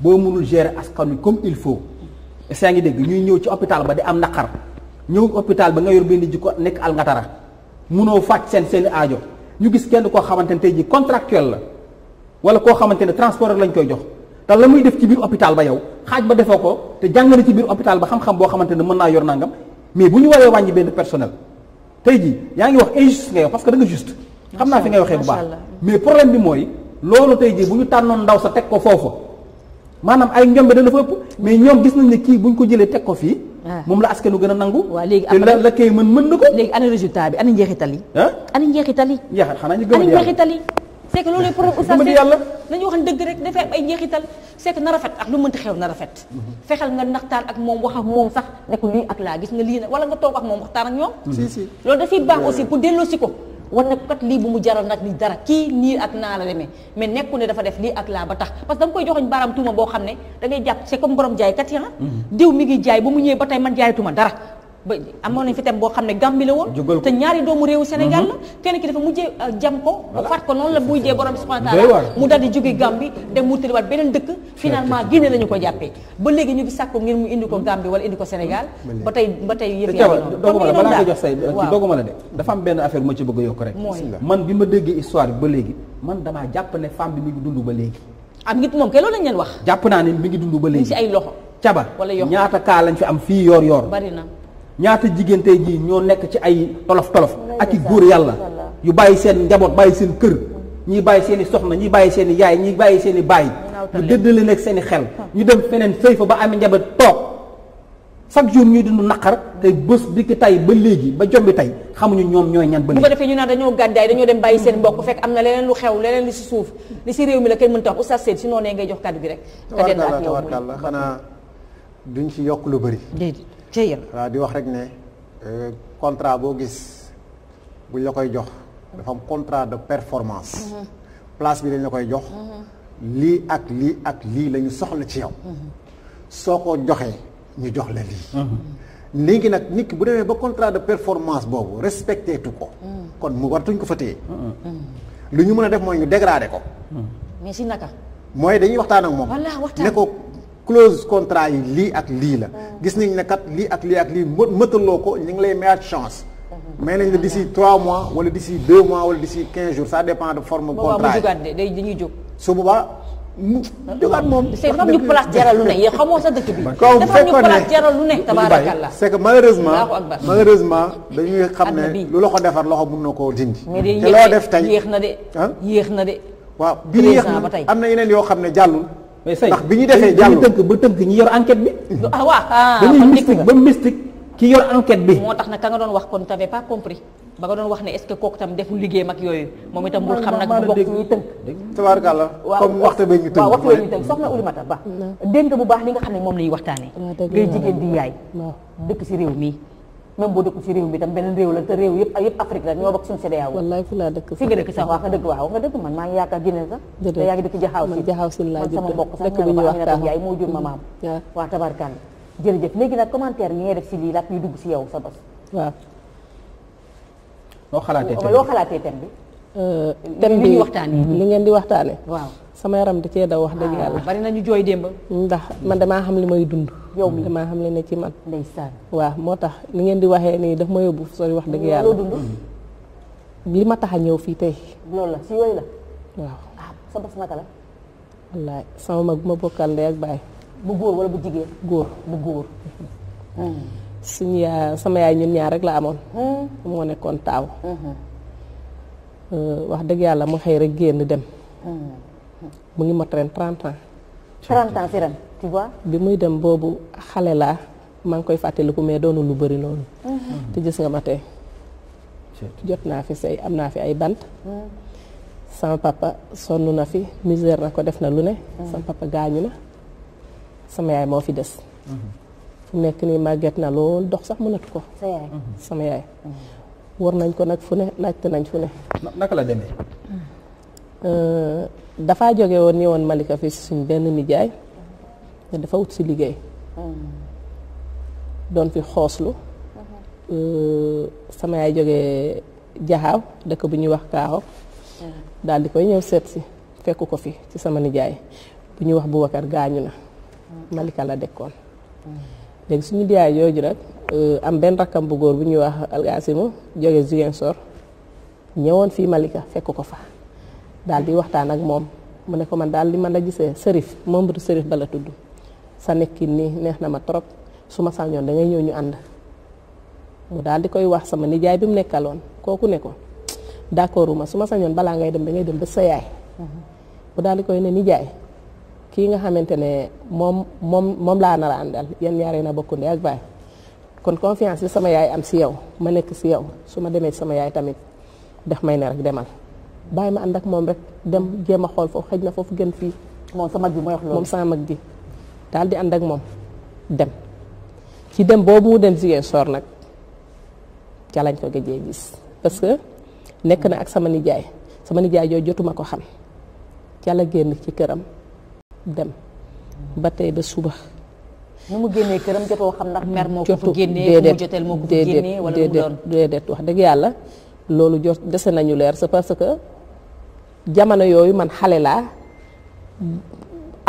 Speaker 2: boo mënul ger askan wi comme il faut saa ngi dégg ñuy ñëw ci hôpital ba di am naqar ñëw hôpital ba nga yor benn jikko nekk alngatara munoo fàcc seen seen aajo ñu gis kenn koo xamante ne tey jii contractuel la wala koo xamante ne transport lañ koy jox te la muy def ci biir hôpital ba yow xaaj ba defoo ko te jàng na ci biir hôpital ba xam-xam boo xamante ne mën naa yor nangam mais bu ñu waree wàññi benn personnel tey jii yaa ngi wax injuste parce que da nga xam naa fi ngay waxee bu baax mais problème bi mooy loolu tey jii bu ñu tànnoon ndaw sa teg ko foofu maanaam ay njombe da dafa ëpp mais ñoom gis nañ ne kii buñ ko jëlee teg ko fii. Ah. moom la askanu gën a nangu. waaw léegi am la kay mën mën na ko. léegi ana résultat bi ana
Speaker 1: njeexital yi. ah ana njeexital yi. njeexit xanaa ñu gëm njeexital yi. c'est que loolu lay problème oustaz nañu wax dëgg rek dafay am na rafet ak lu mënti xew na rafet fexeel nga naxtaan ak moom wax ak moom sax nekk lii ak laa gis nga lii nag wala nga toog ak moom waxtaan ak ñoom si si loolu dafay baax aussi pour delloosi ko war na kat lii bu mu jaral nag ni dara kii nii ak naa la demee mais nekku ne dafa def lii ak laa ba tax parce que koy joxoñ baaraam tuuma boo xam ne dangay jàpp c'est comme borom jaaykat kat ah mm-hmm. diw mi ngi jaay ba mu ñëwee ba tey man jaayatuma dara ba amoon boo xam ne Gambie la woon te ñaari doomu réewu Sénégal la mm-hmm. ki dafa mujjee euh, jam ko faat ko noonu la buy jee borom bi subhanahu wa taala mu daal di jóge Gambie dem wutaliwaat beneen dëkk finalement Guinée la ko jàppee ba léegi ñu ngi sàkku mu indi ko Gambie wala indi mm-hmm. tey ba tey yëf yaa ngi noonu jox say euh, doguma
Speaker 2: la de dafa am benn affaire ma ci bëgg a yokk rek man bi ma déggee histoire ba léegi man damaa jàpp ne femme bi mi ngi dund ba léegi am ngi moom kay loolu lañ leen wax jàpp naa ne mi ngi dund ba léegi ci ay loxo caba wala ñaata kaa lañ fi am fii yoor yoor bari na ñaata jigéen tey jii ñoo nekk ci ay tolof tolof ak i góor yàlla yu bàyyi seen njaboot bàyyi seen kër ñii bàyyi seen i soxna ñii bàyyi seen i yaay ñii bàyyi seen i baay ñu dëddale nekk seen i xel ñu dem feneen sëy fa ba amee njaboot toog chaque jour ñuy dund naqar te bés bi ki tey ba léegi ba jombi tey xamuñu ñoom ñooy ñan ba léegi bu ko
Speaker 1: defee ñu naan dañoo gàddaay dañoo dem bàyyi seen mbokk fekk am na leneen lu xew leneen li si suuf li si réew mi la kenn mënta wax oustaz Sène si noonu ngay jox kàddu gi rek tawarkalla
Speaker 2: xanaa duñ ci
Speaker 4: yokk lu bëri ca yéen waaw di wax rek ne euh, contrat boo gis buñ la koy jox dafa contrat de performance mhm. place bi dañoo koy jox mhm. lii ak lii ak lii lañu soxla ci yow mhm. soo ko joxee ñu jox la lii léegi nag nit ki bu demee ba contrat de performance boobu respecté tu ko kon mu wartuñ ko fa téye lu ñu mën a def mooy ñu dégradé ko mais si mooy dañuy waxtaan ak moom ne ko clause contrat yi lii ak lii la. gis nañ ne kat lii ak lii ak lii mot mëtaloo ko ñu ngi lay mayaat chance. may nañ la d'ici 3 mois wala d'ici 2 mois wala d'ici 15 jours sa dépend de forme. contrat
Speaker 1: yi day dañuy jóg. su comme ñu place jaral lu ne yow xamoo sa bu fekkoon ne dafa ñu place jaral lu c'est
Speaker 4: que malheureusement dañuy xam ne lu loxo defar loxo mun na koo dindi. te loo def tey yéex
Speaker 1: na de ah? yéex na de.
Speaker 4: waaw bi yéex na am
Speaker 2: na yeneen yoo xam ne jàllul mais say bi ñu defee jàll tënk ba tënk ñi yor enquête bi. Mm.
Speaker 1: ah waaw ah, dañuy
Speaker 2: ba mystique ki yor enquête bi.
Speaker 1: moo tax nag ka nga doon wax kon t'avais pas compris ba nga doon wax ne est-ce que kooku tam deful liggéeyam ak yooyu moom itam bul xam nag bu bokk ñuy tënk. waaw waxtu bi ñu tënk mm. soxna Oulimata Ba mm. dégg nga bu baax li nga xam ne moom lay waxtaanee. ngay jigéen di yaay dëkk si réew mi même boo dëkku ci réew mi tam beneen réew la te réew yëpp yëpp Afrique la ñoo bokk suñu CEDEAO wallaay fu laa dëkk fi nga dëkk sax waa nga dëkk man maa mm-hmm. def si lii laaj ñuy dugg si yow sa bos waaw
Speaker 2: loo xalaatee thème bi
Speaker 5: thème bi euh, li ngeen di waxtaane waaw sama yaram da cee daw wax dëgg ah, yàlla bari nañu jooy démb ndax man damaa xam li may dund yow mi mm. damaa xam le ne ci man ndeysaan waaw moo tax ni ngeen di waxee nii daf ma yóbbu sori wax dëgg yàlla
Speaker 1: mm.
Speaker 5: li ma tax a ñëw fii tey
Speaker 1: loolu la si yooyu la waaw ah, sa bos
Speaker 5: sama mag bu ma bokkal ndey ak baay bu góor bu jigéen góor bu góor mm. suñu yaa sama yaay ñun ñaar rek la amoon moo nekkoon taaw mm-hmm. euh, wax dëgg yàlla mu xëy rek génn dem mu ngi mot ren trente 30 ans si ren bi muy dem boobu xale laa maa ngi koy fàttaliku mais doonul lu bari loolu mhm. te gis nga ma tey. jot naa fi sey am naa fi ay bant. Mhm. sama papa sonn na fi misère na ko def na lu ne. Mhm. sama papa gaañu na sama yaay moo fi des. fu nekk nii màgget na lool dox sax mënatu ko. sama yaay. war nañ ko nag fu ne laajte nañ fu ne. la demee. Euh, dafaa jóge woon ni woon Malika fi suñ benn nijaay ne dafa wut si liggéey mm-hmm. doon fi xooslu mm-hmm. uh, sama yaay jóge jaxaaw dëkk bu ñuy wax kaaxo daal di koy ñëw seet si fekk ko fi ci sama nijaay bu ñuy wax Boubacar gaañu na mm-hmm. Malika la dekkoon léegi suñu nijaay jooju nag uh, am benn rakkam bu góor bu ñuy wax algasi Algasimu jóge Ziguinchor ñëwoon fii Malika fekk ko fa daal di waxtaan ak moom mu ne ko man daal di man la gisee sërif membre sërif ba la tudd sa nekkin nii neex na ma trop su ma sañoon dangay ñëw ñu ànd mu daal di koy wax sama nijaay bi mu nekkaloon kooku ne ko d'accorduma su ma sañoon balaa ngay dem dangay dem ba sa yaay mu daal di koy ne nijaay kii nga xamante ne moom moom moom laa nar a àndal yan ñaaree na bokkunde ak baay kon confiance bi sama yaay am si yow ma nekk si yow su ma demee sama yaay tamit def may ne rek demal bàyyi ma ànd ak moom rek dem jéem a xool foofu xëj na foofu gën fii. moom sama mag bi mooy wax loolu moom sama mag bi daal di ànd ak moom dem ci dem boobu mu dem jigéen soor nag ca lañ ko gëjee gis parce que nekk na ak sama nijaay sama nijaay yooyu jotuma ko xam ca la génn ci këram dem ba tey ba suba.
Speaker 1: nu mu génnee këram jotoo xam ndax mer moo ko fa génnee mu joteel moo ko fa génnee wala mu doon
Speaker 5: déedéet wax dëgg yàlla. loolu jot dese nañu leer c'est parce que jamono yooyu man xale laa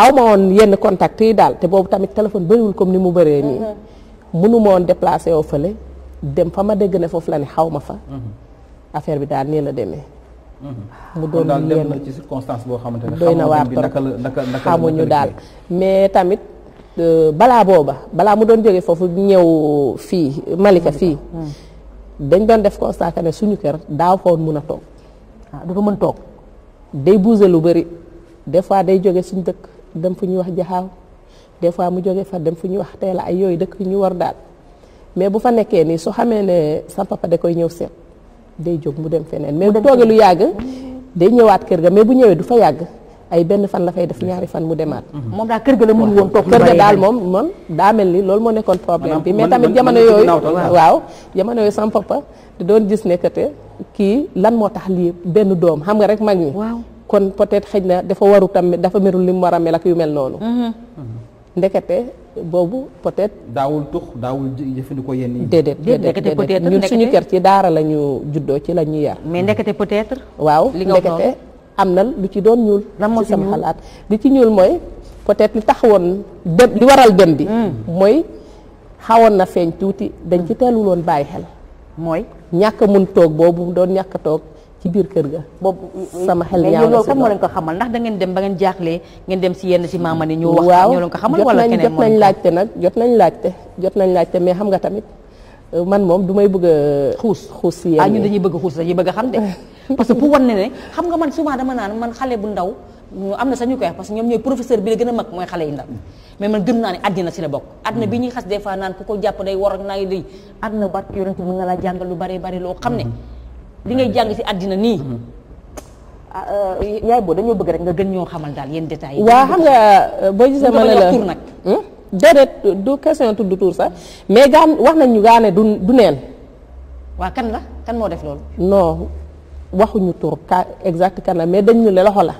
Speaker 5: aw ma woon yenn contact yi daal te boobu tamit téléphone bëriwul comme ni mu bëree nii. Uh-huh. mënu ma woon déplacé yoo fële dem fa ma dégg ne foofu la ne xaw ma fa. Uh-huh. affaire bi daal nii la demee.
Speaker 2: Uh-huh. mu doon daal dem boo xamante ne doy na waar trop xamuñu daal
Speaker 5: mais tamit euh, balaa booba balaa mu doon jógee foofu ñëw fii Malika fii. dañ doon def constat que ne suñu kër daaw foon mun a toog waaw ah, du mën toog day bougé lu bëri des fois day jóge suñu dëkk dem fu ñuy wax jaxaaw des fois mu jóge fa dem fu ñuy wax tey la ay yooyu dëkk ñuy war daal mais bu fa nekkee nii su xamee ne sa papa da koy ñëw seet day jóg mu dem feneen mais bu toogee lu yàgg day ñëwaat kër ga mais bu ñëwee du fa yàgg ay benn fan la fay def ñaari fan mu demaat. Mhm. moom kër ga la mun woon toog kër moom moom daa mel ni loolu moo nekkoon problème bi mais tamit jamono yooyu waaw jamono yooyu sama papa di doon gis ne que kii lan moo tax lii benn doom xam nga rek mag ñi kon peut-être xëj na dafa waru tamit dafa merul li mu war a mel ak yu mel noonu mhm. Mhm. ndekete boobu peut-être
Speaker 2: daawul tux daawul jëfandikoo yenn yi déedéet déedéet peut-être ñun suñu kër
Speaker 5: ci daara la ñu juddoo ci la ñu yar mais ndekete peut-être waaw ndekete am na lu ci doon ñuul ci sama xalaat li ci ñuul mooy peut-être li woon dem li waral dem bi hmm. mooy xawoon na feeñ tuuti dañ ci teelul woon bàyyi xel mooy ñàkk mun toog boobu doon ñàkk toog ci biir kër ga boobu mm, mm, sama xel ñaaw na si moo leen ko
Speaker 1: xamal ndax da ngeen dem ba ngeen jaaxlee ngeen dem si yenn si maama ni ñu wax waaw ñoo leen ko xamal wala keneen jot nañ
Speaker 5: laajte nag jot nañ laajte jot nañ laajte mais xam nga tamit euh, man moom du may bëgg xuus xuus si yéen ah dañuy bëgg
Speaker 1: xuus dañuy bëgg a xam de (laughs) parce que pour wan ne ne xam nga man souvent dama naan man xale bu ndaw euh, am na sañu koy wax parce que ñoom ñooy professeur bi la gën a mag mooy xale yi ndaw mais man gëm naa ne àddina si la bokk àddina bi ñuy xas des naan ku ko jàpp day war ak naa ngi day àddina barke na laa jàngal lu bare bare loo xam ne li ngay jàng si àddina nii ah, euh, yaay boo dañoo bëgg rek nga gën ñoo xamal daal yenn détails yi waaw xam nga euh, boo gisee ma ne la tur nag hmm? déedéet du question tudd
Speaker 5: tur sax mais gaan wax nañ ñu gaane du du neen
Speaker 1: waa kan la kan moo def loolu
Speaker 5: non waxuñu tur ka exact kan la mais dañ ñu le loxo la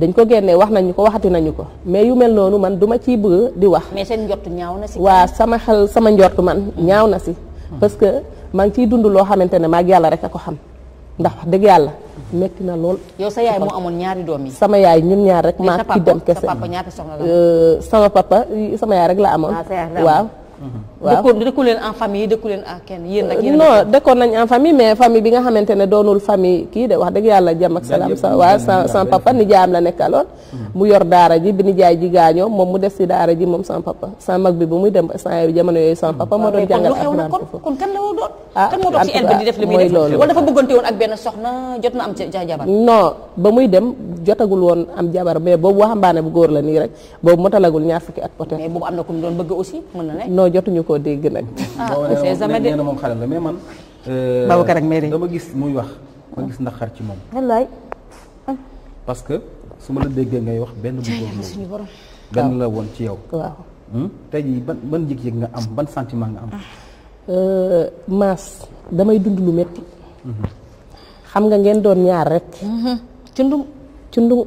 Speaker 5: dañ ko génnee wax nañu ko waxati nañu ko mais yu mel noonu man duma ciy bëgg di wax.
Speaker 1: mais seen ñaaw na si. waaw
Speaker 5: sama xel sama njort man ñaaw na si. parce que maa ngi ciy dund loo xamante ne maag yàlla rek a ko xam ndax wax dëgg yàlla. metti na lool.
Speaker 1: yow sa yaay moo amoon ñaari doom yi.
Speaker 5: sama yaay ñun ñaar rek. maa ci dem kese euh, sama papa sama yaay rek la amoon. Ah, waaw.
Speaker 1: waaw dëkku leen en famille dëkku leen ak kenn yéen ak yéen non
Speaker 5: dëkkoon nañ en famille mais famille bi nga xamante ne doonul famille kii de wax dëgg yàlla jàmm ak sa waaw sa san papa nijaayam la nekkaloon mhm. mu yor daara ji bi nijaay ji gaañoo moom mu des si daara ji moom san papa san mag bi bu muy dem san jamono yooyu san papa moo doon jàngal alxuraan foofu
Speaker 1: kon kan la woon doon ah kan moo doon ci ënd
Speaker 5: ba muy dem jotagul woon am jabar mais boobu waxambaane bu góor la nii rek boobu motalagul ñaar fukki at peut mais boobu am na ku doon bëgg aussi mën na ne jotuñu ko dégg nag.
Speaker 2: Ah, moom xale la mais man. Euh, Babacar ak Mary dama gis muy wax ma gis naqar ci moom. wallaay. que su ma la ngay wax benn bu borom benn la woon ci yow. waaw. Hmm? tey jii ban ban yëg nga am ban sentiment nga am. Ah.
Speaker 5: Euh, Mass damay dund lu metti mhm. xam nga ngeen doon ñaar rek. Mhm. cundum cundum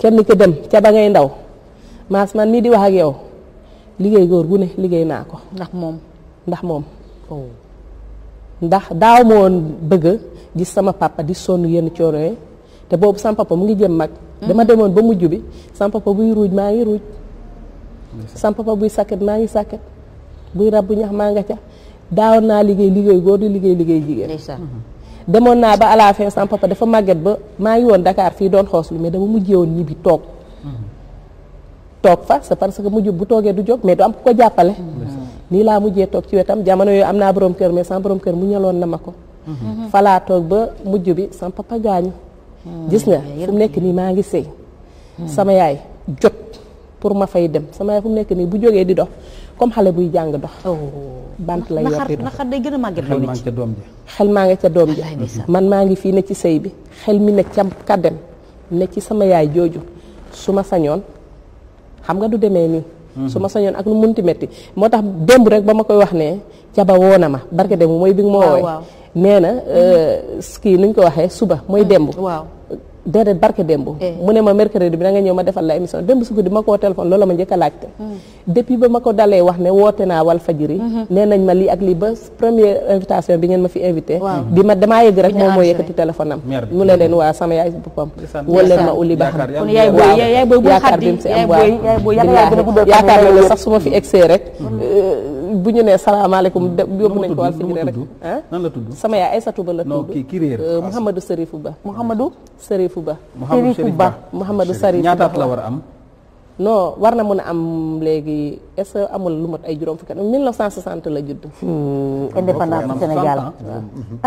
Speaker 5: kenn ki dem ca ba ngay ndaw Mass man nii di wax ak yow. liggéey góor gu ne liggéey naa ko. ndax moom ndax moom. Oh. ndax daaw ma woon bëgg gis sama papa di sonn yenn coono yi te boobu sama papa mu ngi jëm mag. Hmm. dama demoon ba mujj bi sama papa buy ruuj maa ngi ruuj. sama buy sakkat maa ngi sakkat buy rab bu ñax maa nga ca daawoon naa liggéey liggéey góor di liggéey liggéey jigéen. Hmm. demoon naa ba à la dafa màgget ba maa ngi woon dakaar fii doon xooslu mais dama mujjee woon bi toog. Hmm. toog fa c'est parce que mujj bu toogee du jóg mais du am ku ko jàppale. nii laa mujjee toog ci wetam jamono yooyu am naa boroom kër mais sama borom kër mu ñaloon na ma ko. Mhm. falaa toog ba mujj bi sama papa gaañu. Mhm. gis nga fu mu nekk nii maa ngi sëy mhm. sama yaay jot pour ma fay dem sama fu nekk nii bu jógee di dox comme xale buy jàng dox. Oh. bant lay yor di dox naxar day a màgget doom ji xel maa ngi ca doom ji man maa ngi fii ne ci sëy bi xel mi ne ca kàddem ci sama yaay jooju su ma sañoon. xam nga du demee nii. Hmm. su ma sañoon ak nu munti métti moo tax démb rek ba ma koy wax ne caba woo na ma barke démb mooy bi nga ma woowee nee na hmm. euh, ski nuñ ko waxee suba mooy hmm. démb waaw déedéet barke démb eh. mu ne ma mercredi bi na ñëw ma defal la émission démb su guddi ma koo téléphone loolu ma njëkk a laajte mm. depuis ba ma ko dalee wax ne woote naa wal fajiri mm-hmm. nee ma lii ak lii ba première invitation bi ngeen ma fi invité bi ma damaa yëg rek moom moo yëkkati téléphone am mu ne leen waa sama yaay boppam wóor leen ma uli ba xam yaakaar bi mu si am waaw yaakaar na sax su ma fi egsee rek mm. euh, bu ñu nee salaamaaleykum. Hmm. de yóbbu nañu ko wàllu fii rek nan la tudd sama yaay Aïssatou Ba la tudd. non kii
Speaker 2: kii réer euh, Mouhamadou
Speaker 5: Serifou Ba. Mouhamadou Serifou Ba. Serifou Ba Mouhamadou Serifou Ba ñaata at la war a am. non war na mën a am léegi est-ce amul lu mat ay juróom fukki at 1960 la judd.
Speaker 2: Hmm. indépendance du Sénégal ah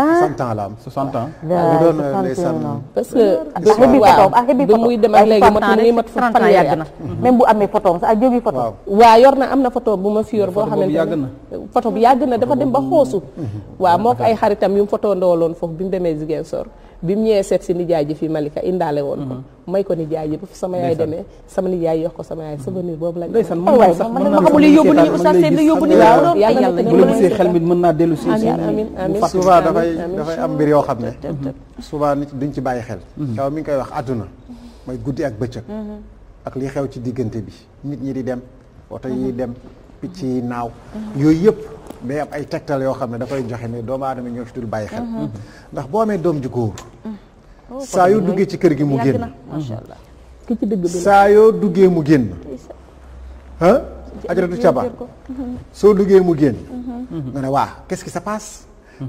Speaker 2: 60 hmm. ans la am 60 ans. Ah,
Speaker 5: ah, euh, parce que. Ah, bi muy dem ak léegi matu muy mat fanweeri at même bu amee photo sax jógi photo. yor na am na photo bu ma fi yor boo xamante ne photo bu yàgg na dafa dem ba xoosu. Hmm. waa moo ko ay xaritam yu mu photo ndooloon foofu bi mu demee Ziguinchor. bi mu ñëwee seet si nijaay ji fii Malika indaale woon ko mhm. may ko nijaay ji ba fi sama yaay demee sama nijaay yox ko sama yaay souvenir boobu lañ ndeysaan mën naa sax mën naa xamul yóbbu nañu oustaz na
Speaker 2: bu la gisee mën naa dellu si amiin amiin souvent dafay dafay am mbir yoo
Speaker 4: xam ne souvent nit duñ ci bàyyi xel xew mhm. mi ngi koy wax àdduna mooy guddi ak bëccëg mhm. ak li xew ci diggante bi nit ñi di dem oto yi dem picc yi naaw yooyu yëpp day am ay tegtal yoo xam ne dafay joxe ne doomu aadama ñoo fi dul bàyyi xel mhm. ndax boo amee doom ju góor mhm.
Speaker 2: oh, saa yoo duggee ci kër gi mu génn
Speaker 4: mhm. saa yoo duggee mu génn ah ajaratu caba soo duggee mu génn nga ne waa qu'est-ce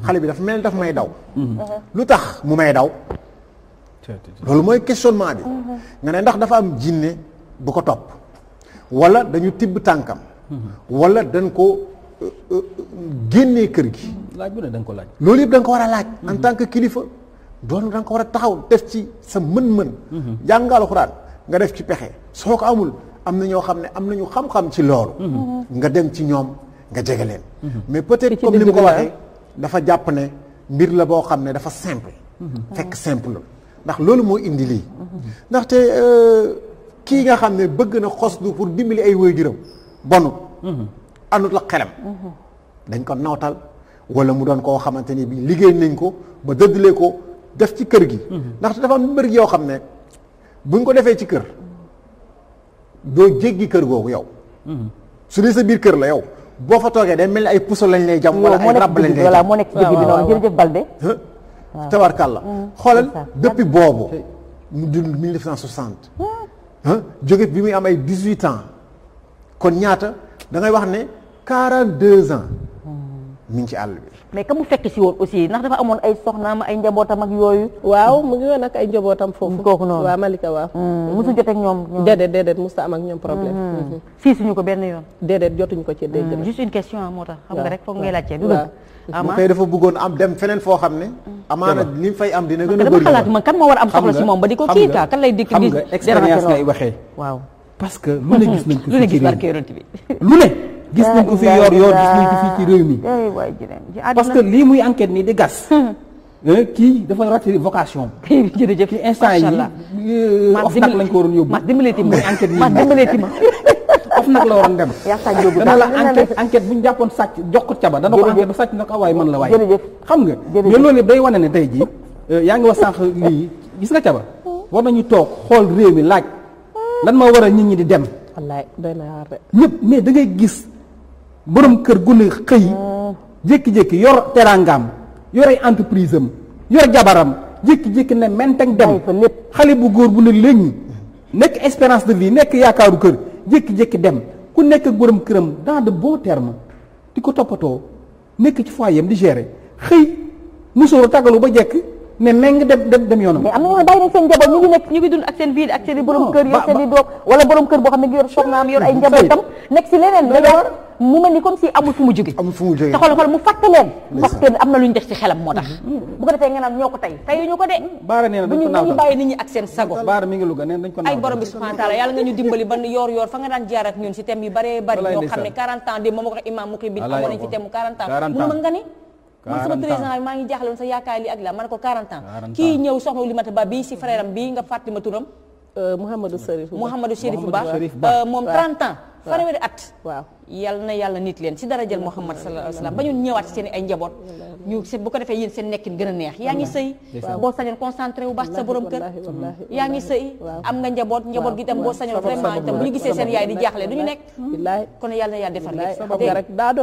Speaker 4: xale bi dafa mel daf may daw uh-huh. lu tax mu may daw loolu mooy questionnement bi nga ne ndax dafa am jinne bu ko topp wala dañu tibb tànkam wala dañ ko euh, euh, génne kër gi.
Speaker 2: laaj bu ne da ko laaj. loolu yëpp da
Speaker 4: ko war a laaj. en tant que kilifa doon da ko war a taxaw def ci sa mën-mën. Mhm. jàngal alxuraan nga def ci pexe soo ko amul am na ñoo xam ne am nañu xam-xam ci loolu. Mhm. Mhm. nga dem ci ñoom nga jege leen. mais peut-être comme ni mu ko waxee dafa jàpp ne mbir la boo xam ne dafa simple. fekk simple ndax loolu moo indi lii. ndaxte euh, kii nga xam ne bëgg na xoslu pour dimbali ay waajuram bonut mhm. anut la xelam mhm. dañ ko nawtal wala mu doon koo xamante ni bi liggéey nañ ko ba dëddale ko def ci kër gi mhm. ndax dafa am yoo xam ne buñ ko defee ci kër doo jéggi kër googu yow su dee sa biir kër la yow boo fa toogee day mel ni ay puso lañ lay jam wala ay rab lañ lay jam moo nekk ci digg bi noonu jërëjëf Balde tabarkàlla xoolal depuis boobu mu dund 1960 jóge bi muy am ay 18 ans kon ñaata da ngay wax ne 42 ans. mi ngi ci àll bi.
Speaker 1: mais ka mu fekk si woon aussi ndax dafa amoon ay soxnaam ay njabootam ak yooyu. waaw mu ngi woon ak ay njabootam foofu. kooku noonu waaw Malika waaw. Hmm, musu jot ak ñoom.
Speaker 5: déedéet déedéet musu am ak ñoom problème. fii hmm, hmm, suñu ko benn yoon. déedéet jotuñu ko ci dégg juste une question moo tax. xam nga rek foog ngay laajte du
Speaker 4: ah, mu koy dafa bëggoon am dem feneen foo xam ne. amaana li mu fay am dina gën a bëri. dama xalaat man kan moo wa a am soxla si moom ba di ko kii lay dikk. di xam nga expérience ngay
Speaker 2: parce que lu ne gis nañ ko (laughs) fi ci réew mi gis nañ ko fi ci réew mi parce lii muy enquête nii di gas (laughs) eh, kii dafa raté vocation (laughs) jërëjëf ci instant yi of nag lañ ko waroon yóbbu ma dimbalati ma enquête yi ma dimbalati ma of la waroon dem dana la enquête enquête bu ñu jàppoon sàcc jox ko caba dana ko a ba sàcc na ko awaay man la waay xam nga mais loolu yëpp day wane ne tey ji eh, yaa ngi wax sànq lii gis nga caba hmm. war ñu toog xool réew mi laaj lan moo waral nit ñi di dem. wallaay doy ñëpp mais da ngay gis borom kër gu ne xëy. Hmm. jékki-jékki yor teraangaam yor ay entreprise am yor jabaram jékki-jékki ne menteng dem. xale bu góor bu ne léegi nekk espérance de vie nekk yaakaaru kër jékki-jékki dem ku nekk borom këram dans de bons termes di ko toppatoo nekk ci foyer am di gérer xëy musóoru tàggalu ba jekk. mais méng dem dem dem yoonam. mais
Speaker 1: am na ñoo xam bàyyi nañ seen njaboot ñu ngi nekk ñu ngi dund ak seen biir ak seen i kër yor seen i am na lu ñu def ci xelam moo tax mm-hmm. Mm-hmm. bu ko defee nga naan ñoo ko tey tey ñu ko de mm-hmm. baara nee dañ ko naaw bi yoor yoor fa nga daan jaar ak ñun si thème yu bëree bëri ñoo xam ne 40 ans de moom ko imam mu koy bind amoon nañ ci thème 40 ans mu mën nga ni
Speaker 2: man sama président bi
Speaker 1: maa ngi jaaxle sa yaakaar li ak la man ko 40 ans kii ñëw soxna Oulimata Ba bi si frère am bi nga fàtte ma turam euh, Mouhamadou Ba moom 30 ans fanweeri at waaw yal na yàlla nit leen si darajal Muhammad sallallahu alayhi wasallam ba ñu ñëwaat seen ay njaboot yaa ngi sëy boo sañoon concentré wu baax sa borom kër yaa ngi sëy am nga njaboot njaboot gi tam boo sañoon vraiment itam bu ñu gisee seen yaay di jaaxle du ñu nekk kon yàlla yàlla defar lépp